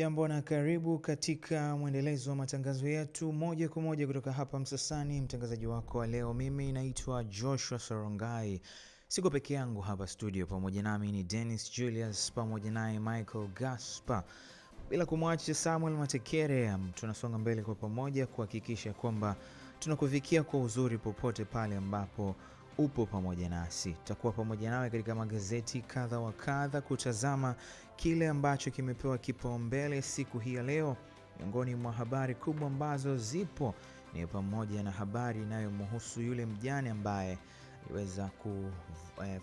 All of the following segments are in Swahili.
Hujambo na karibu katika mwendelezo wa matangazo yetu moja kwa moja kutoka hapa Msasani. Mtangazaji wako wa leo, mimi naitwa Joshua Sorongai. Siko peke yangu hapa studio, pamoja nami ni Dennis Julius, pamoja naye Michael Gaspar, bila kumwacha Samuel Matekere. Um, tunasonga mbele kwa pamoja kuhakikisha kwamba tunakufikia kwa uzuri popote pale ambapo upo pamoja nasi. Tutakuwa pamoja nawe katika magazeti kadha wa kadha kutazama kile ambacho kimepewa kipaumbele siku hii ya leo. Miongoni mwa habari kubwa ambazo zipo ni pamoja na habari inayomhusu yule mjane ambaye aliweza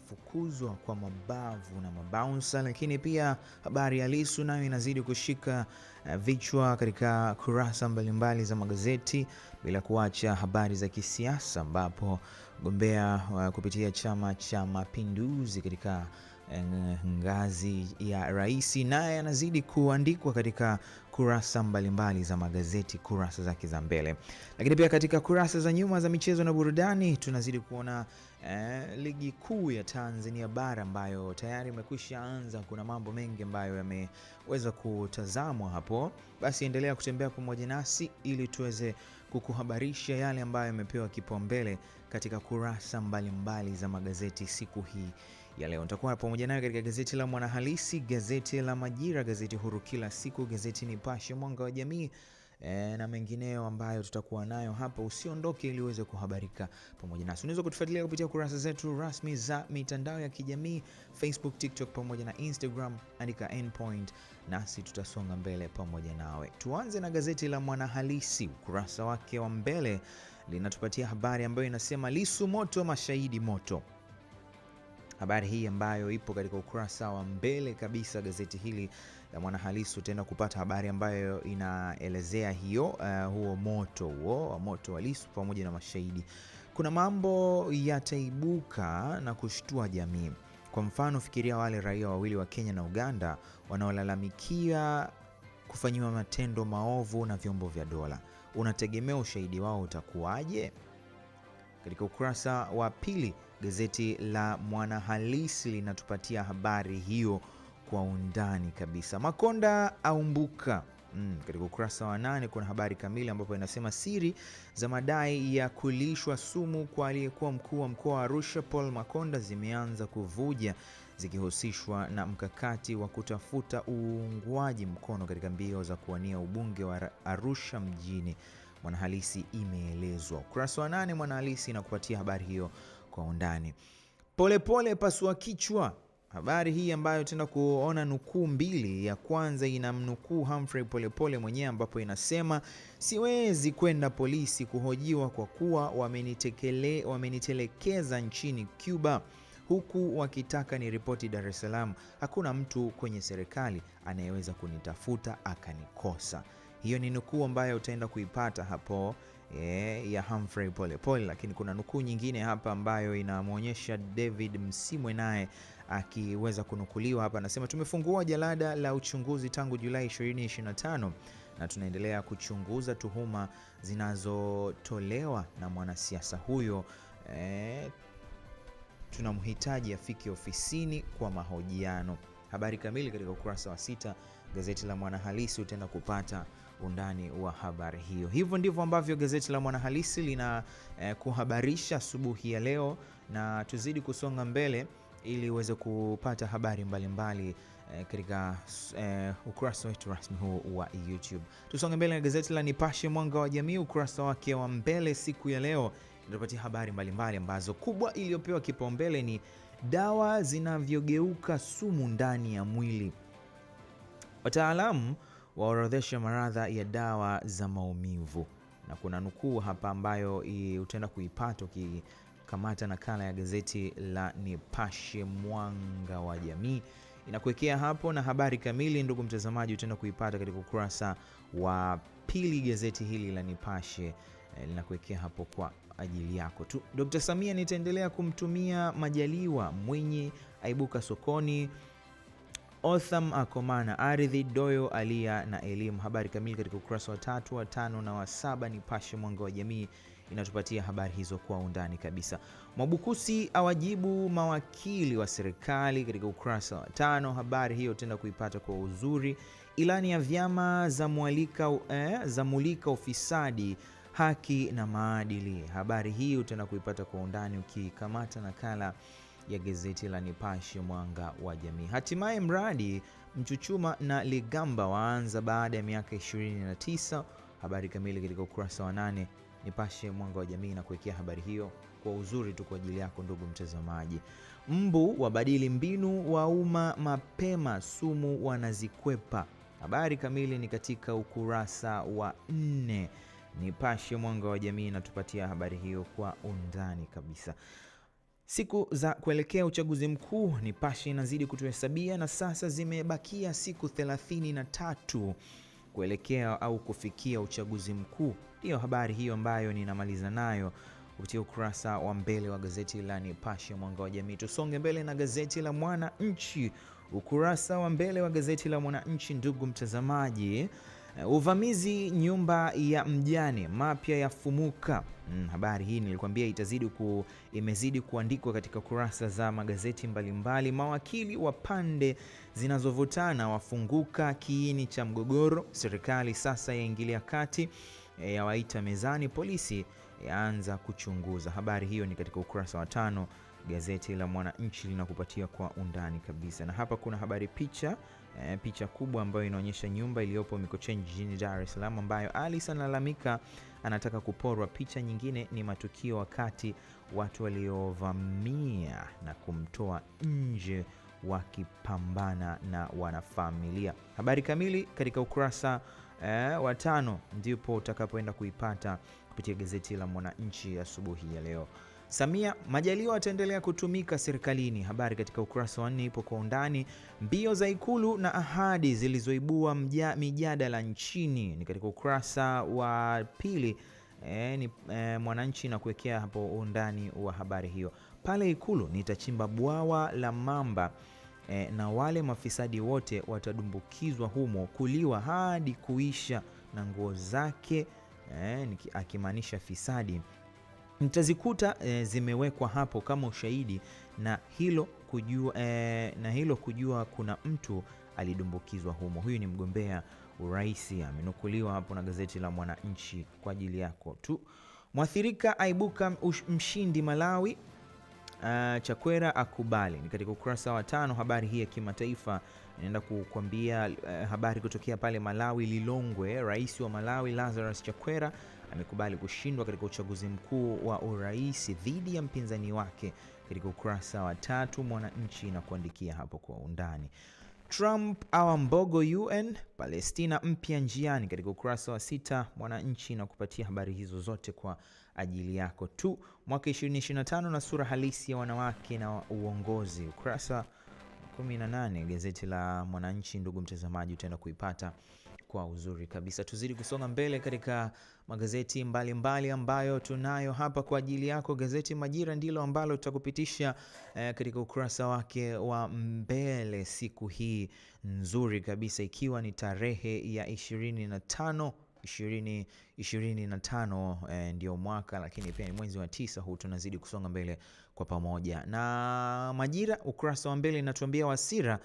kufukuzwa kwa mabavu na mabaunsa, lakini pia habari ya Lissu nayo inazidi kushika eh, vichwa katika kurasa mbalimbali za magazeti, bila kuacha habari za kisiasa ambapo Mgombea wa uh, kupitia Chama cha Mapinduzi katika eh, ngazi ya rais naye anazidi kuandikwa katika kurasa mbalimbali za magazeti, kurasa zake za mbele, lakini pia katika kurasa za nyuma za michezo na burudani tunazidi kuona eh, ligi kuu ya Tanzania bara ambayo tayari imekwisha anza. Kuna mambo mengi ambayo yameweza kutazamwa hapo, basi endelea kutembea pamoja nasi ili tuweze kukuhabarisha yale ambayo yamepewa kipaumbele katika kurasa mbalimbali mbali za magazeti siku hii ya leo. Nitakuwa pamoja nayo katika gazeti la Mwanahalisi, gazeti la Majira, gazeti huru kila siku, gazeti Nipashe, Mwanga wa Jamii, e, na mengineo ambayo tutakuwa nayo hapa. Usiondoke ili uweze kuhabarika pamoja nasi. Unaweza kutufuatilia kupitia kurasa zetu rasmi za mitandao ya kijamii Facebook, TikTok pamoja na Instagram, andika nPoint, nasi tutasonga mbele pamoja nawe. Tuanze na gazeti la Mwanahalisi, ukurasa wake wa mbele linatupatia habari ambayo inasema Lisu moto, mashahidi moto habari hii ambayo ipo katika ukurasa wa mbele kabisa gazeti hili Mwanahalisi utaenda kupata habari ambayo inaelezea hiyo uh, huo moto huo moto wa Lissu pamoja na mashahidi. Kuna mambo yataibuka na kushtua jamii. Kwa mfano, fikiria wale raia wawili wa Kenya na Uganda wanaolalamikia kufanyiwa matendo maovu na vyombo vya dola. Unategemea ushahidi wao utakuwaje? Katika ukurasa wa pili, gazeti la Mwanahalisi linatupatia habari hiyo kwa undani kabisa. Makonda aumbuka. Mm, katika ukurasa wa nane kuna habari kamili ambapo inasema siri za madai ya kulishwa sumu kwa aliyekuwa mkuu wa mkoa wa Arusha Paul Makonda zimeanza kuvuja zikihusishwa na mkakati wa kutafuta uungwaji mkono katika mbio za kuwania ubunge wa Arusha mjini. Mwanahalisi imeelezwa. Ukurasa wa nane Mwanahalisi inakupatia habari hiyo kwa undani. Polepole pasua kichwa Habari hii ambayo tenda kuona nukuu mbili, ya kwanza inamnukuu Humphrey Polepole mwenyewe ambapo inasema siwezi kwenda polisi kuhojiwa kwa kuwa wamenitekele, wamenitelekeza nchini Cuba huku wakitaka ni ripoti Dar es Salaam. Hakuna mtu kwenye serikali anayeweza kunitafuta akanikosa. Hiyo ni nukuu ambayo utaenda kuipata hapo yeah, ya Humphrey Polepole, lakini kuna nukuu nyingine hapa ambayo inamwonyesha David Msimwe naye akiweza kunukuliwa hapa, anasema tumefungua jalada la uchunguzi tangu Julai 2025 na tunaendelea kuchunguza tuhuma zinazotolewa na mwanasiasa huyo eh, tunamhitaji afike ofisini kwa mahojiano. Habari kamili katika ukurasa wa sita. Gazeti la Mwanahalisi utaenda kupata undani wa habari hiyo. Hivyo ndivyo ambavyo gazeti la Mwanahalisi lina eh, kuhabarisha asubuhi ya leo, na tuzidi kusonga mbele ili uweze kupata habari mbalimbali mbali, eh, katika eh, ukurasa wetu rasmi huu wa YouTube. Tusonge mbele na gazeti la Nipashe Mwanga wa Jamii, ukurasa wake wa mbele siku ya leo inatupatia habari mbalimbali ambazo mbali, kubwa iliyopewa kipaumbele ni dawa zinavyogeuka sumu ndani ya mwili. Wataalamu waorodheshe maradha ya dawa za maumivu, na kuna nukuu hapa ambayo utaenda kuipata ukikamata nakala ya gazeti la Nipashe Mwanga wa Jamii inakuwekea hapo na habari kamili. Ndugu mtazamaji, utaenda kuipata katika ukurasa wa pili gazeti hili la Nipashe eh, linakuwekea hapo kwa ajili yako tu. Dr. Samia, nitaendelea kumtumia Majaliwa. Mwinyi aibuka sokoni. Otham akomana ardhi, Doyo alia na elimu. Habari kamili katika ukurasa wa tatu, wa tano na wa saba. Ni Pashe Mwanga wa Jamii inatupatia habari hizo kwa undani kabisa. Mwabukusi awajibu mawakili wa serikali katika ukurasa wa tano. Habari hiyo tenda kuipata kwa uzuri. Ilani ya vyama za mwalika, eh, za mulika ufisadi haki na maadili. Habari hii utaenda kuipata kwa undani ukikamata nakala ya gazeti la Nipashe Mwanga wa Jamii. Hatimaye mradi Mchuchuma na Ligamba waanza baada ya miaka 29. Habari kamili katika ukurasa wa nane. Nipashe Mwanga wa Jamii na kuwekea habari hiyo kwa uzuri tu kwa ajili yako ndugu mtazamaji. Mbu wabadili mbinu wa umma mapema, sumu wanazikwepa. Habari kamili ni katika ukurasa wa nne. Nipashe Mwanga wa Jamii inatupatia habari hiyo kwa undani kabisa. Siku za kuelekea uchaguzi mkuu, Nipashe inazidi kutuhesabia na sasa zimebakia siku thelathini na tatu kuelekea au kufikia uchaguzi mkuu. Ndiyo habari hiyo ambayo ninamaliza nayo kupitia ukurasa wa mbele wa gazeti la Nipashe Mwanga wa Jamii. Tusonge mbele na gazeti la Mwananchi, ukurasa wa mbele wa gazeti la Mwananchi, ndugu mtazamaji Eh, uvamizi nyumba ya mjane, mapya yafumuka. Mm, habari hii nilikwambia itazidi ku, imezidi kuandikwa katika kurasa za magazeti mbalimbali mbali. Mawakili wa pande zinazovutana wafunguka kiini cha mgogoro, serikali sasa yaingilia kati, eh, yawaita mezani, polisi yaanza kuchunguza. Habari hiyo ni katika ukurasa wa tano, gazeti la Mwananchi linakupatia kwa undani kabisa, na hapa kuna habari picha eh, picha kubwa ambayo inaonyesha nyumba iliyopo Mikocheni jijini Dar es Salaam ambayo Alice analalamika anataka kuporwa. Picha nyingine ni matukio wakati watu waliovamia na kumtoa nje wakipambana na wanafamilia. Habari kamili katika ukurasa eh, wa tano ndipo utakapoenda kuipata kupitia gazeti la Mwananchi asubuhi ya, ya leo. Samia Majaliwa ataendelea kutumika serikalini. Habari katika ukurasa wa nne ipo kwa undani. Mbio za Ikulu na ahadi zilizoibua mijadala nchini ni katika ukurasa wa pili. E, ni e, Mwananchi na kuwekea hapo undani wa habari hiyo. Pale Ikulu nitachimba bwawa la mamba e, na wale mafisadi wote watadumbukizwa humo kuliwa hadi kuisha na nguo zake e, akimaanisha fisadi mtazikuta e, zimewekwa hapo kama ushahidi na hilo kujua, e, na hilo kujua kuna mtu alidumbukizwa humo. Huyu ni mgombea urais amenukuliwa hapo na gazeti la Mwananchi kwa ajili yako tu. Mwathirika aibuka mshindi Malawi. Uh, Chakwera akubali, ni katika ukurasa wa tano habari hii ya kimataifa Naenda kukuambia uh, eh, habari kutokea pale Malawi Lilongwe. Rais wa Malawi Lazarus Chakwera amekubali kushindwa katika uchaguzi mkuu wa urais dhidi ya mpinzani wake katika ukurasa wa tatu Mwananchi na kuandikia hapo kwa undani. Trump awa mbogo UN Palestina mpya njiani katika ukurasa wa sita Mwananchi na kupatia habari hizo zote kwa ajili yako tu. Mwaka 2025 na sura halisi ya wanawake na uongozi, ukurasa 18 gazeti la Mwananchi, ndugu mtazamaji, utaenda kuipata kwa uzuri kabisa. Tuzidi kusonga mbele katika magazeti mbalimbali mbali ambayo tunayo hapa kwa ajili yako. Gazeti Majira ndilo ambalo tutakupitisha eh, katika ukurasa wake wa mbele siku hii nzuri kabisa, ikiwa ni tarehe ya 25 ishirini na tano eh, ndio mwaka lakini pia ni mwezi wa tisa huu. Tunazidi kusonga mbele kwa pamoja. Na Majira ukurasa wa mbele inatuambia Wasira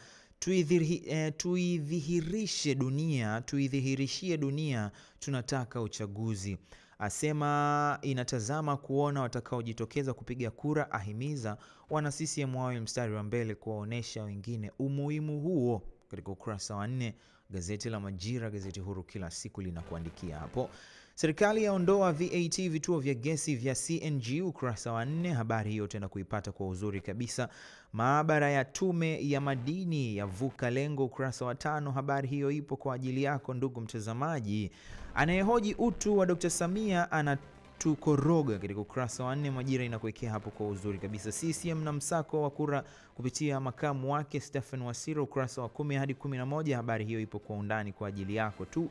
eh, tuidhihirishe eh, dunia tuidhihirishie dunia tunataka uchaguzi, asema inatazama kuona watakaojitokeza kupiga kura, ahimiza wana CCM wawe mstari wa mbele kuwaonyesha wengine umuhimu huo. Katika ukurasa wa nne gazeti la Majira, gazeti huru kila siku linakuandikia hapo. Serikali yaondoa VAT vituo vya gesi vya CNG, ukurasa wa nne. Habari hiyo tena kuipata kwa uzuri kabisa. Maabara ya Tume ya Madini yavuka lengo, ukurasa wa tano. Habari hiyo ipo kwa ajili yako ndugu mtazamaji. Anayehoji utu wa Dr. Samia ana tukoroga katika ukurasa wa nne. Majira inakuwekea hapo kwa uzuri kabisa. CCM na msako wa kura kupitia makamu wake Stephen Wasiro, ukurasa wa kumi hadi kumi na moja. Habari hiyo ipo kwa undani kwa ajili yako tu.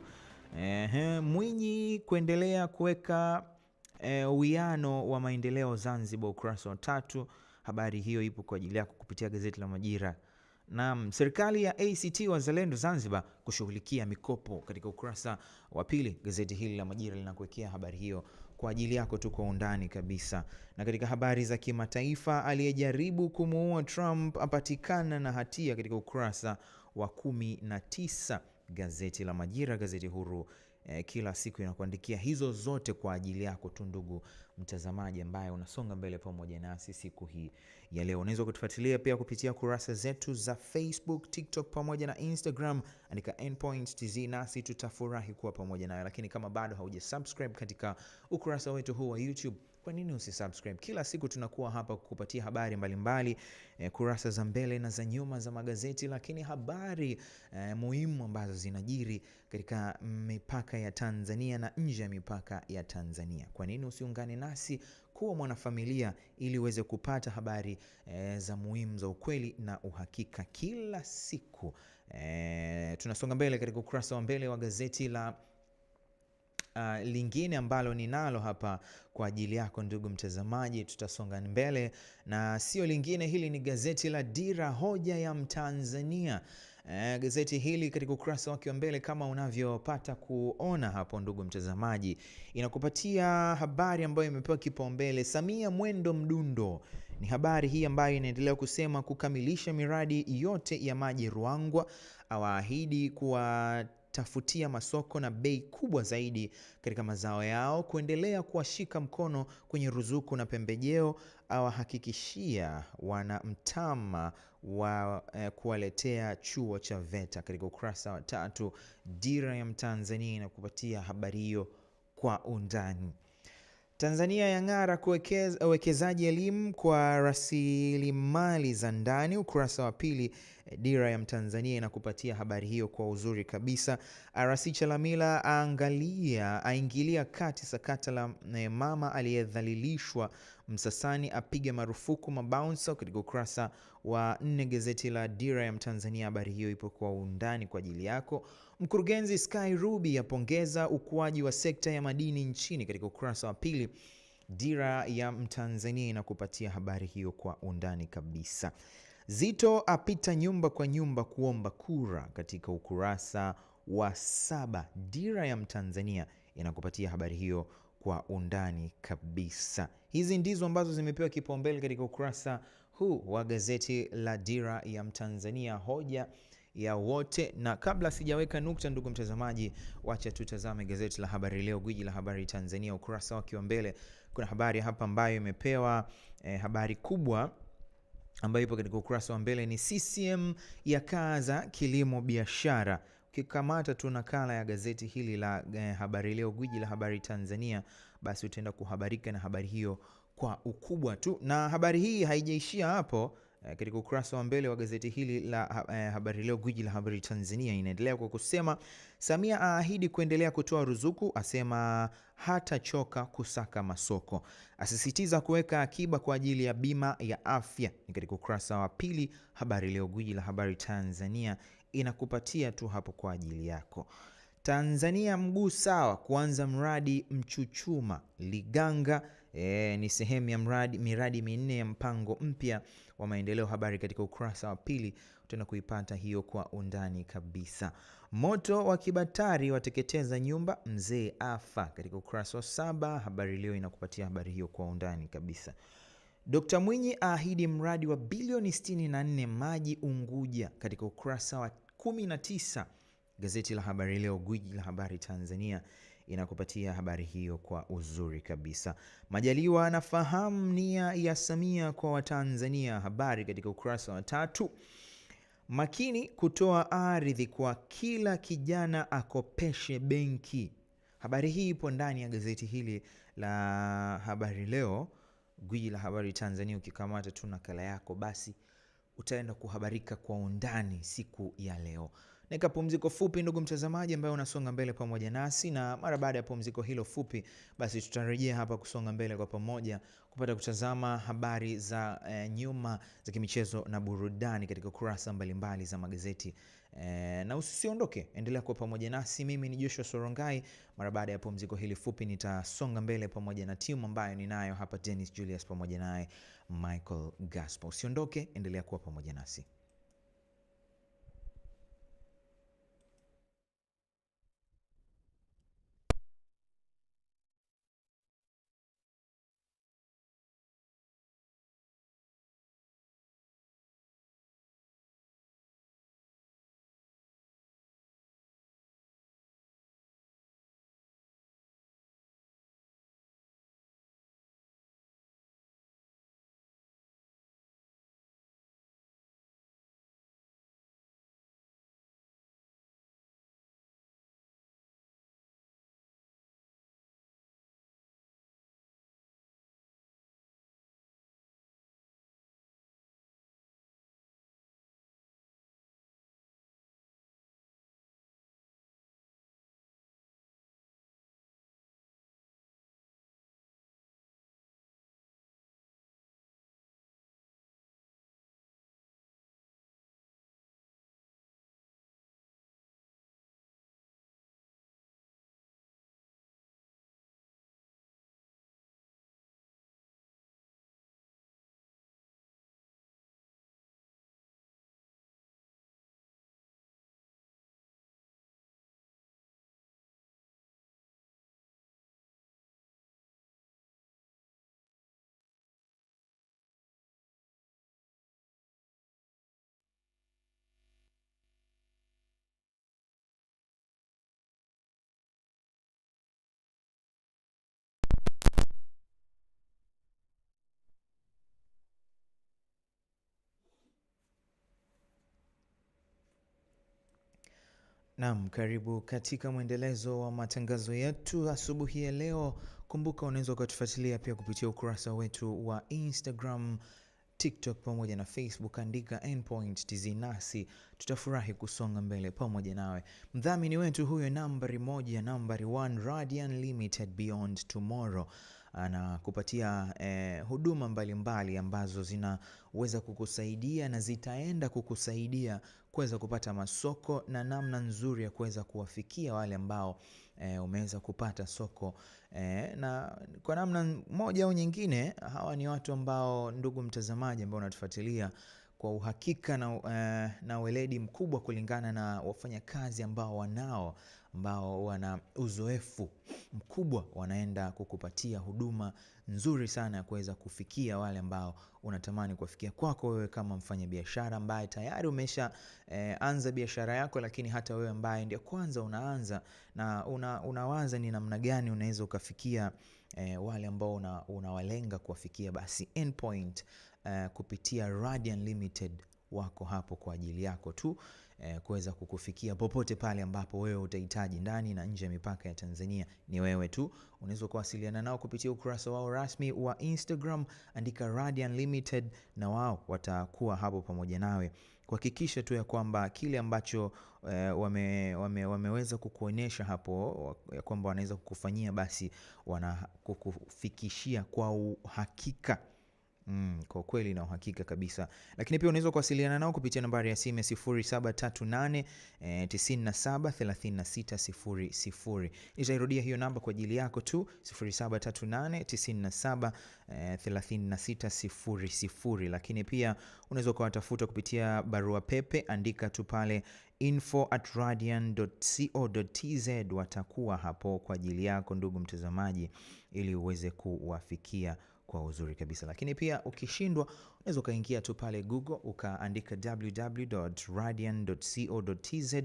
Ehe, Mwinyi kuendelea kuweka eh, uwiano e, wa maendeleo Zanzibar, ukurasa wa tatu. Habari hiyo ipo kwa ajili yako kupitia gazeti la Majira. Naam, serikali ya ACT Wazalendo Zanzibar kushughulikia mikopo katika ukurasa wa pili, gazeti hili la Majira linakuwekea habari hiyo kwa ajili yako tu kwa undani kabisa. Na katika habari za kimataifa, aliyejaribu kumuua Trump apatikana na hatia katika ukurasa wa kumi na tisa gazeti la Majira, gazeti huru eh, kila siku inakuandikia hizo zote kwa ajili yako tu, ndugu mtazamaji ambaye unasonga mbele pamoja nasi siku hii ya leo. Unaweza kutufuatilia pia kupitia kurasa zetu za Facebook, TikTok pamoja na Instagram, andika nPoint TZ, nasi tutafurahi kuwa pamoja nayo. Lakini kama bado hauja subscribe katika ukurasa wetu huu wa YouTube kwa nini usisubscribe? Kila siku tunakuwa hapa kukupatia habari mbalimbali mbali, eh, kurasa za mbele na za nyuma za magazeti, lakini habari eh, muhimu ambazo zinajiri katika mipaka ya Tanzania na nje ya mipaka ya Tanzania. Kwa nini usiungane nasi kuwa mwanafamilia ili uweze kupata habari eh, za muhimu za ukweli na uhakika kila siku. Eh, tunasonga mbele katika ukurasa wa mbele wa gazeti la uh, lingine ambalo ninalo hapa kwa ajili yako ndugu mtazamaji, tutasonga mbele na sio lingine, hili ni gazeti la Dira, hoja ya Mtanzania. Eh, gazeti hili katika ukurasa wake wa mbele kama unavyopata kuona hapo, ndugu mtazamaji, inakupatia habari ambayo imepewa kipaumbele, Samia mwendo mdundo. Ni habari hii ambayo inaendelea kusema kukamilisha miradi yote ya maji Ruangwa, awaahidi kuwa tafutia masoko na bei kubwa zaidi katika mazao yao, kuendelea kuwashika mkono kwenye ruzuku na pembejeo, awahakikishia wana mtama wa eh, kuwaletea chuo cha VETA katika ukurasa wa tatu Dira ya Mtanzania, na kupatia habari hiyo kwa undani. Tanzania yang'ara kuwekeza uwekezaji elimu kwa rasilimali za ndani. Ukurasa wa pili eh, Dira ya Mtanzania inakupatia habari hiyo kwa uzuri kabisa. RC Chalamila aangalia aingilia kati sakata la eh, mama aliyedhalilishwa Msasani, apiga marufuku mabaunsa Katika ukurasa wa nne gazeti la Dira ya Mtanzania, habari hiyo ipo kwa undani kwa ajili yako. Mkurugenzi Sky Ruby apongeza ukuaji wa sekta ya madini nchini katika ukurasa wa pili Dira ya Mtanzania inakupatia habari hiyo kwa undani kabisa. Zito apita nyumba kwa nyumba kuomba kura katika ukurasa wa saba Dira ya Mtanzania inakupatia habari hiyo kwa undani kabisa. Hizi ndizo ambazo zimepewa kipaumbele katika ukurasa huu wa gazeti la Dira ya Mtanzania. Hoja ya wote. Na kabla sijaweka nukta, ndugu mtazamaji, wacha tutazame gazeti la Habari Leo, gwiji la habari Tanzania, ukurasa wake wa mbele. Kuna habari hapa ambayo imepewa eh, habari kubwa ambayo ipo katika ukurasa wa mbele ni CCM ya kaza kilimo biashara. Ukikamata tu nakala ya gazeti hili la eh, Habari Leo, gwiji la habari Tanzania, basi utaenda kuhabarika na habari hiyo kwa ukubwa tu, na habari hii haijaishia hapo Eh, katika ukurasa wa mbele wa gazeti hili la eh, Habari Leo, gwiji la habari Tanzania, inaendelea kwa kusema Samia aahidi kuendelea kutoa ruzuku, asema hatachoka kusaka masoko, asisitiza kuweka akiba kwa ajili ya bima ya afya. Ni katika ukurasa wa pili, Habari Leo, gwiji la habari Tanzania, inakupatia tu hapo kwa ajili yako. Tanzania mguu sawa kuanza mradi Mchuchuma, Liganga E, ni sehemu ya mradi, miradi minne ya mpango mpya wa maendeleo. Habari katika ukurasa wa pili tena kuipata hiyo kwa undani kabisa. Moto wa Kibatari wateketeza nyumba, mzee afa. Katika ukurasa wa saba Habari Leo inakupatia habari hiyo kwa undani kabisa. Dkt Mwinyi aahidi mradi wa bilioni 64 maji Unguja. Katika ukurasa wa 19 gazeti la Habari Leo, gwiji la habari Tanzania inakupatia habari hiyo kwa uzuri kabisa. Majaliwa anafahamu nia ya Samia kwa Watanzania, habari katika ukurasa wa tatu. Makini kutoa ardhi kwa kila kijana akopeshe benki. Habari hii ipo ndani ya gazeti hili la Habari Leo, gwiji la habari Tanzania. Ukikamata tu nakala yako, basi utaenda kuhabarika kwa undani siku ya leo nika pumziko fupi, ndugu mtazamaji ambaye unasonga mbele pamoja nasi, na mara baada ya pumziko hilo fupi, basi tutarejea hapa kusonga mbele kwa pamoja kupata kutazama habari za e, nyuma za kimichezo na burudani katika kurasa mbalimbali mbali za magazeti e, na usiondoke, endelea kuwa pamoja nasi. Mimi ni Joshua Sorongai. Mara baada ya pumziko hili fupi, nitasonga mbele pamoja na timu ambayo ninayo hapa, Dennis Julius pamoja naye Michael Gaspar. Usiondoke, endelea kuwa pamoja nasi. Naam, karibu katika mwendelezo wa matangazo yetu asubuhi ya leo. Kumbuka unaweza ukatufuatilia pia kupitia ukurasa wetu wa Instagram, TikTok pamoja na Facebook, andika nPoint TZ, nasi tutafurahi kusonga mbele pamoja nawe. Mdhamini wetu huyo nambari moja, nambari one, Radian Limited, Beyond Tomorrow na kupatia eh, huduma mbalimbali mbali ambazo zinaweza kukusaidia na zitaenda kukusaidia kuweza kupata masoko na namna nzuri ya kuweza kuwafikia wale ambao eh, umeweza kupata soko eh, na kwa namna moja au nyingine, hawa ni watu ambao, ndugu mtazamaji, ambao unatufuatilia kwa uhakika na, eh, na weledi mkubwa kulingana na wafanyakazi ambao wanao ambao wana uzoefu mkubwa wanaenda kukupatia huduma nzuri sana ya kuweza kufikia wale ambao unatamani kuwafikia kwako wewe kama mfanyabiashara ambaye tayari umesha eh, anza biashara yako, lakini hata wewe ambaye ndio kwanza unaanza na una, unawaza ni namna gani unaweza ukafikia eh, wale ambao unawalenga una kuwafikia, basi Endpoint eh, kupitia Radian Limited wako hapo kwa ajili yako tu eh, kuweza kukufikia popote pale ambapo wewe utahitaji ndani na nje ya mipaka ya Tanzania. Ni wewe tu. Unaweza kuwasiliana nao kupitia ukurasa wao rasmi wa Instagram, andika Radian Limited, na wao watakuwa hapo pamoja nawe kuhakikisha tu ya kwamba kile ambacho eh, wame, wame, wameweza kukuonyesha hapo ya kwamba wanaweza kukufanyia, basi wanakukufikishia kwa uhakika. Mm, kwa kweli na uhakika kabisa, lakini pia unaweza kuwasiliana nao kupitia nambari ya simu ya 0738 eh, Nitairudia hiyo namba kwa ajili yako tu, 0738 eh, Lakini pia unaweza ukawatafuta kupitia barua pepe, andika tu pale info at radian.co.tz, watakuwa hapo kwa ajili yako ndugu mtazamaji, ili uweze kuwafikia kwa uzuri kabisa. Lakini pia ukishindwa, unaweza ukaingia tu pale Google ukaandika www.radian.co.tz,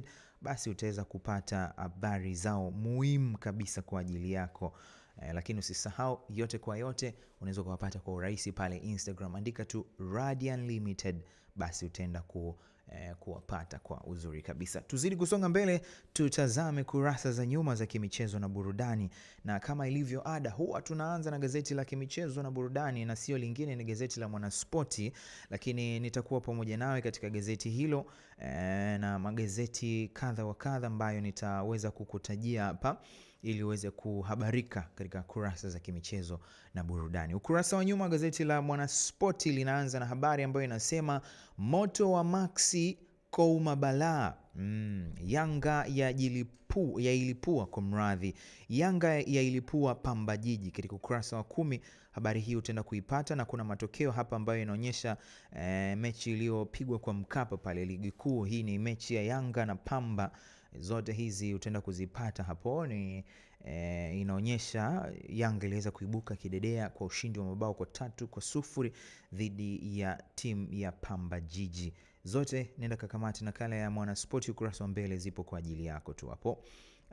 basi utaweza kupata habari zao muhimu kabisa kwa ajili yako. Eh, lakini usisahau, yote kwa yote unaweza ukawapata kwa urahisi pale Instagram, andika tu Radian Limited, basi utaenda ku eh, kuwapata kwa uzuri kabisa. Tuzidi kusonga mbele, tutazame kurasa za nyuma za kimichezo na burudani, na kama ilivyo ada, huwa tunaanza na gazeti la kimichezo na burudani na sio lingine, ni gazeti la Mwanaspoti, lakini nitakuwa pamoja nawe katika gazeti hilo eh, na magazeti kadha wa kadha ambayo nitaweza kukutajia hapa ili uweze kuhabarika katika kurasa za kimichezo na burudani. Ukurasa wa nyuma gazeti la Mwanaspoti linaanza na habari ambayo inasema moto wa Maxi Kouma balaa mm. Yanga ya jilipu, ya ilipua kwa mradhi Yanga ya ilipua Pamba Jiji. Katika ukurasa wa kumi habari hii utaenda kuipata, na kuna matokeo hapa ambayo inaonyesha eh, mechi iliyopigwa kwa Mkapa pale ligi kuu. Hii ni mechi ya Yanga na Pamba zote hizi utaenda kuzipata hapo. Ni e, eh, inaonyesha Yanga iliweza kuibuka kidedea kwa ushindi wa mabao kwa tatu kwa sufuri dhidi ya timu ya Pamba Jiji. Zote nenda kakamati, nakala ya Mwanaspoti ukurasa wa mbele zipo kwa ajili yako tu hapo.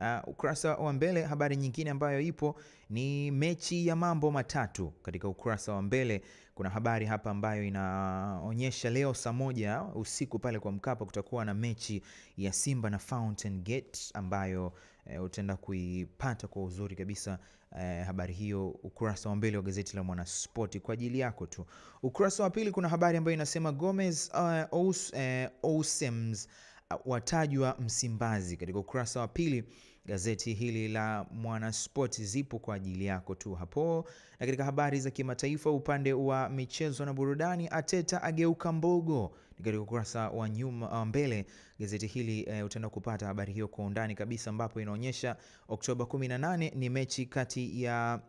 Uh, ukurasa wa mbele habari nyingine ambayo ipo ni mechi ya mambo matatu. Katika ukurasa wa mbele kuna habari hapa ambayo inaonyesha leo saa moja usiku pale kwa Mkapa kutakuwa na mechi ya Simba na Fountain Gate ambayo e, utaenda kuipata kwa uzuri kabisa e, habari hiyo ukurasa wa mbele wa gazeti la Mwanaspoti kwa ajili yako tu. Ukurasa wa pili kuna habari ambayo inasema Gomez uh, Ous, uh, Ousems watajwa Msimbazi. Katika ukurasa wa pili gazeti hili la Mwanaspoti zipo kwa ajili yako tu hapo. Na katika habari za kimataifa, upande wa michezo na burudani, Ateta ageuka mbogo. Katika ukurasa wa nyuma mbele gazeti hili e, utaenda kupata habari hiyo kwa undani kabisa, ambapo inaonyesha Oktoba 18 ni mechi kati ya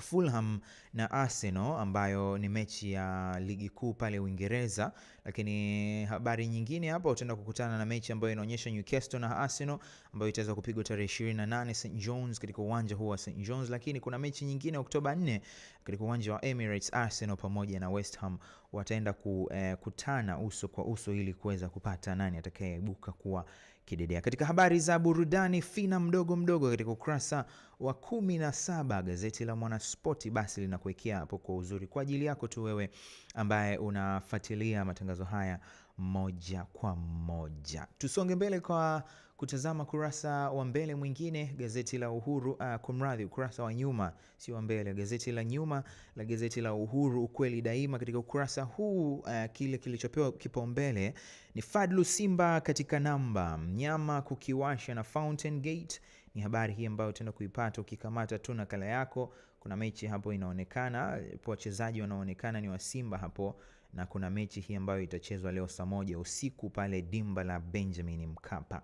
Fulham na Arsenal ambayo ni mechi ya ligi kuu pale Uingereza, lakini habari nyingine hapa utaenda kukutana na mechi ambayo inaonyesha Newcastle na Arsenal ambayo itaweza kupigwa tarehe 28 St John's katika uwanja huu wa St John's, lakini kuna mechi nyingine Oktoba 4 katika uwanja wa Emirates, Arsenal pamoja na West Ham wataenda kukutana eh, uso kwa uso ili kuweza kupata nani atakayeibuka kuwa kidedea. Katika habari za burudani fina mdogo mdogo, katika ukurasa wa kumi na saba gazeti la Mwanaspoti basi linakuwekea hapo kwa uzuri kwa ajili yako tu wewe ambaye unafuatilia matangazo haya moja kwa moja. Tusonge mbele kwa kutazama kurasa wa mbele mwingine gazeti la Uhuru, uh, kumradhi, ukurasa wa nyuma, si wa mbele, gazeti la nyuma la gazeti la Uhuru, ukweli daima. Katika ukurasa huu uh, kile kilichopewa kipaumbele ni Fadlu Simba katika namba mnyama kukiwasha na Fountain Gate. Ni habari hii ambayo utaenda kuipata ukikamata tu nakala yako. Kuna mechi hapo inaonekana, wachezaji wanaonekana ni wa Simba hapo na kuna mechi hii ambayo itachezwa leo saa moja usiku pale dimba la Benjamin Mkapa.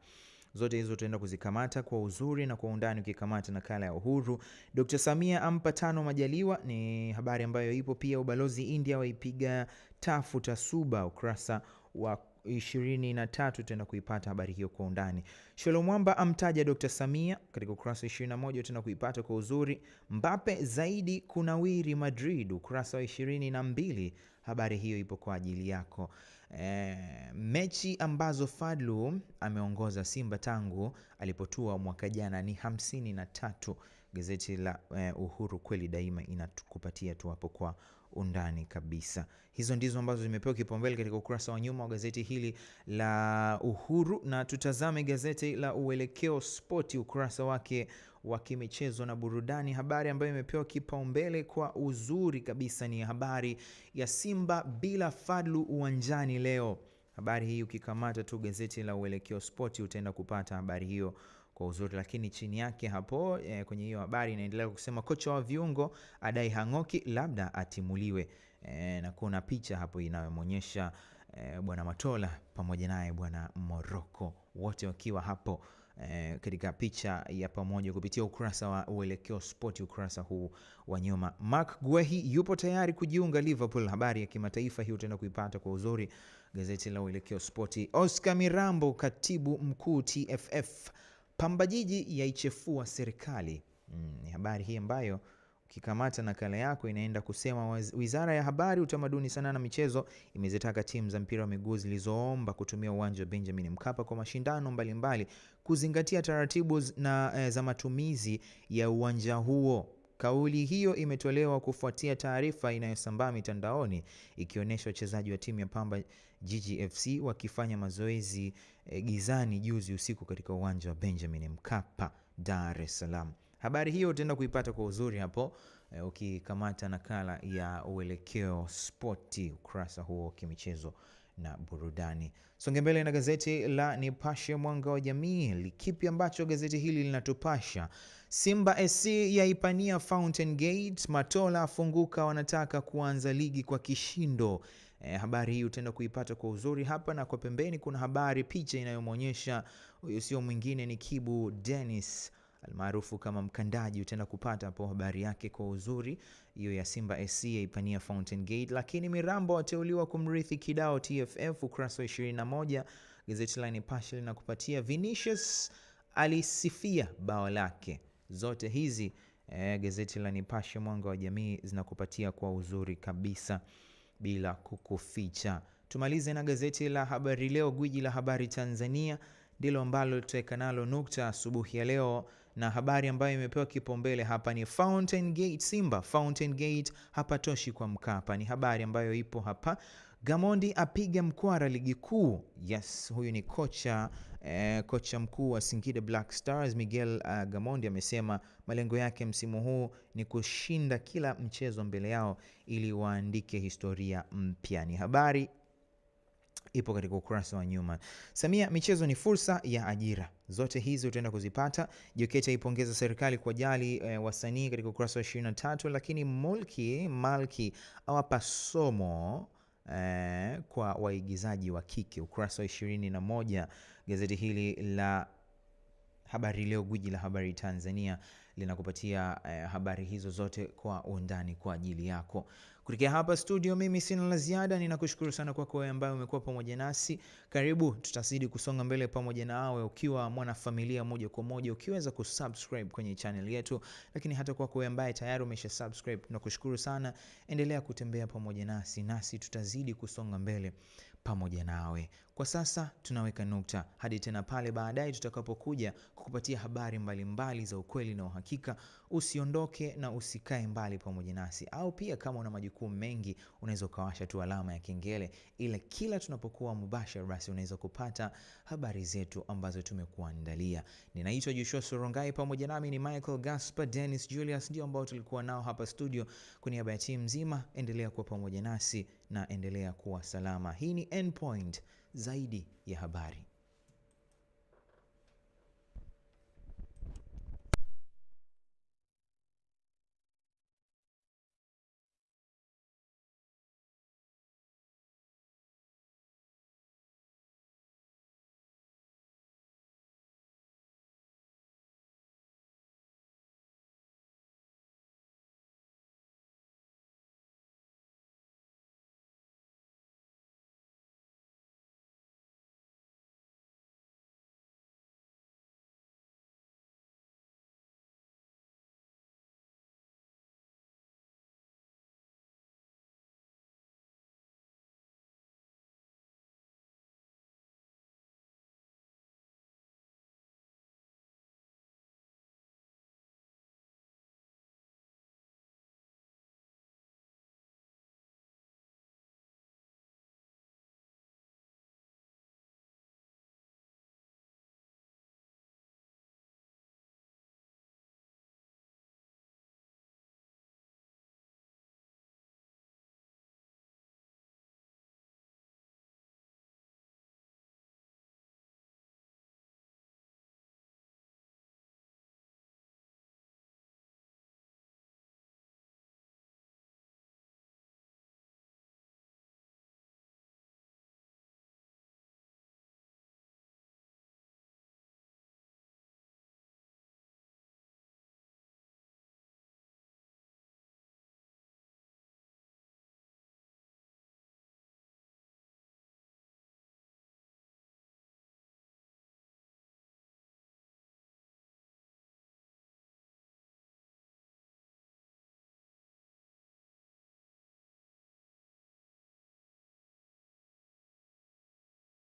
Zote hizo utaenda kuzikamata kwa uzuri na kwa undani, ukikamata nakala ya Uhuru. Dkt Samia ampa tano Majaliwa ni habari ambayo ipo pia. Ubalozi India waipiga tafu TASUBA, ukurasa wa 23 tutaenda kuipata habari hiyo kwa undani. Sholo Mwamba amtaja Dr. Samia katika ukurasa wa 21 utaenda kuipata kwa uzuri. Mbappe zaidi kunawiri Madrid, ukurasa wa 22, habari hiyo ipo kwa ajili yako. Eh, mechi ambazo Fadlu ameongoza Simba tangu alipotua mwaka jana ni hamsini na tatu. Gazeti la eh, Uhuru kweli daima inatukupatia tu hapo kwa undani kabisa. Hizo ndizo ambazo zimepewa kipaumbele katika ukurasa wa nyuma wa gazeti hili la Uhuru, na tutazame gazeti la Uelekeo Spoti ukurasa wake wa kimichezo na burudani. Habari ambayo imepewa kipaumbele kwa uzuri kabisa ni habari ya Simba bila Fadlu uwanjani leo. Habari hii ukikamata tu gazeti la Uelekeo Spoti utaenda kupata habari hiyo kwa uzuri, lakini chini yake hapo eh, kwenye hiyo habari inaendelea kusema kocha wa viungo adai Hang'oki labda atimuliwe eh, na kuna picha hapo inayomwonyesha eh, bwana Matola pamoja naye bwana Moroko wote wakiwa hapo Eh, katika picha ya pamoja kupitia ukurasa wa Uelekeo Sport, ukurasa huu wa nyuma. Mark Guehi yupo tayari kujiunga Liverpool. Habari ya kimataifa hii utaenda kuipata kwa uzuri gazeti la Uelekeo Sport. Oscar Mirambo, katibu mkuu TFF, Pamba Jiji yaichefua serikali. Mm, ni habari hii ambayo Ukikamata nakala yako inaenda kusema Wizara ya Habari, Utamaduni, Sanaa na Michezo imezitaka timu za mpira wa miguu zilizoomba kutumia uwanja wa Benjamin Mkapa kwa mashindano mbalimbali mbali, kuzingatia taratibu na e, za matumizi ya uwanja huo. Kauli hiyo imetolewa kufuatia taarifa inayosambaa mitandaoni ikionyesha wachezaji wa timu ya Pamba Jiji FC wakifanya mazoezi e, gizani juzi usiku katika uwanja wa Benjamin Mkapa, Dar es Salaam. Habari hiyo utaenda kuipata kwa uzuri hapo e, ukikamata nakala ya Uelekeo Spoti, ukurasa huo wa kimichezo na burudani. Songe mbele na gazeti la Nipashe Mwanga wa Jamii, likipi ambacho gazeti hili linatupasha? Simba SC yaipania Fountain Gate, Matola afunguka, wanataka kuanza ligi kwa kishindo. E, habari hii utaenda kuipata kwa uzuri hapa, na kwa pembeni kuna habari, picha inayomwonyesha huyo sio mwingine ni Kibu Dennis almaarufu kama mkandaji, utaenda kupata hapo habari yake kwa uzuri, hiyo ya Simba SC yaipania Fountain Gate. Lakini Mirambo ateuliwa kumrithi Kidao TFF, ukurasa wa 21 gazeti la Nipashe linakupatia Vinicius alisifia bao lake. Zote hizi eh, gazeti la Nipashe mwanga wa jamii zinakupatia kwa uzuri kabisa bila kukuficha. Tumalize na gazeti la Habari Leo, gwiji la habari Tanzania, ndilo ambalo tutaweka nalo nukta asubuhi ya leo na habari ambayo imepewa kipaumbele hapa ni Fountain Gate Simba. Fountain Gate hapatoshi kwa Mkapa, ni habari ambayo ipo hapa. Gamondi apiga mkwara ligi kuu. Yes, huyu ni kocha eh, kocha mkuu wa Singida Black Stars Miguel uh, Gamondi amesema malengo yake msimu huu ni kushinda kila mchezo mbele yao ili waandike historia mpya. Ni habari ipo katika ukurasa wa nyuma. Samia, michezo ni fursa ya ajira. Zote hizi utaenda kuzipata. Jokate aipongeza serikali kwa jali e, wasanii katika ukurasa wa 23, lakini Mulki Malki awapa somo e, kwa waigizaji wa kike ukurasa wa 21. Gazeti hili la Habari Leo, gwiji la habari Tanzania, linakupatia e, habari hizo zote kwa undani kwa ajili yako. Kufikia hapa studio, mimi sina la ziada, ninakushukuru sana kwako wewe ambaye umekuwa pamoja nasi. Karibu, tutazidi kusonga mbele pamoja na awe ukiwa mwanafamilia moja kwa moja, ukiweza kusubscribe kwenye channel yetu, lakini hata kwako wewe ambaye tayari umesha subscribe, tunakushukuru sana. Endelea kutembea pamoja nasi, nasi tutazidi kusonga mbele pamoja nawe. Kwa sasa tunaweka nukta hadi tena pale baadaye tutakapokuja kukupatia habari mbalimbali mbali za ukweli na uhakika. Usiondoke na usikae mbali pamoja nasi, au pia kama una majukumu mengi unaweza ukawasha tu alama ya kengele, ila kila tunapokuwa mubashara, basi unaweza kupata habari zetu ambazo tumekuandalia. Ninaitwa Joshua Sorongai, pamoja nami ni Michael Gaspar, Dennis Julius, ndio ambao tulikuwa nao hapa studio. Kwa niaba ya timu nzima, endelea kuwa pamoja nasi na endelea kuwa salama. Hii ni nPoint, zaidi ya habari.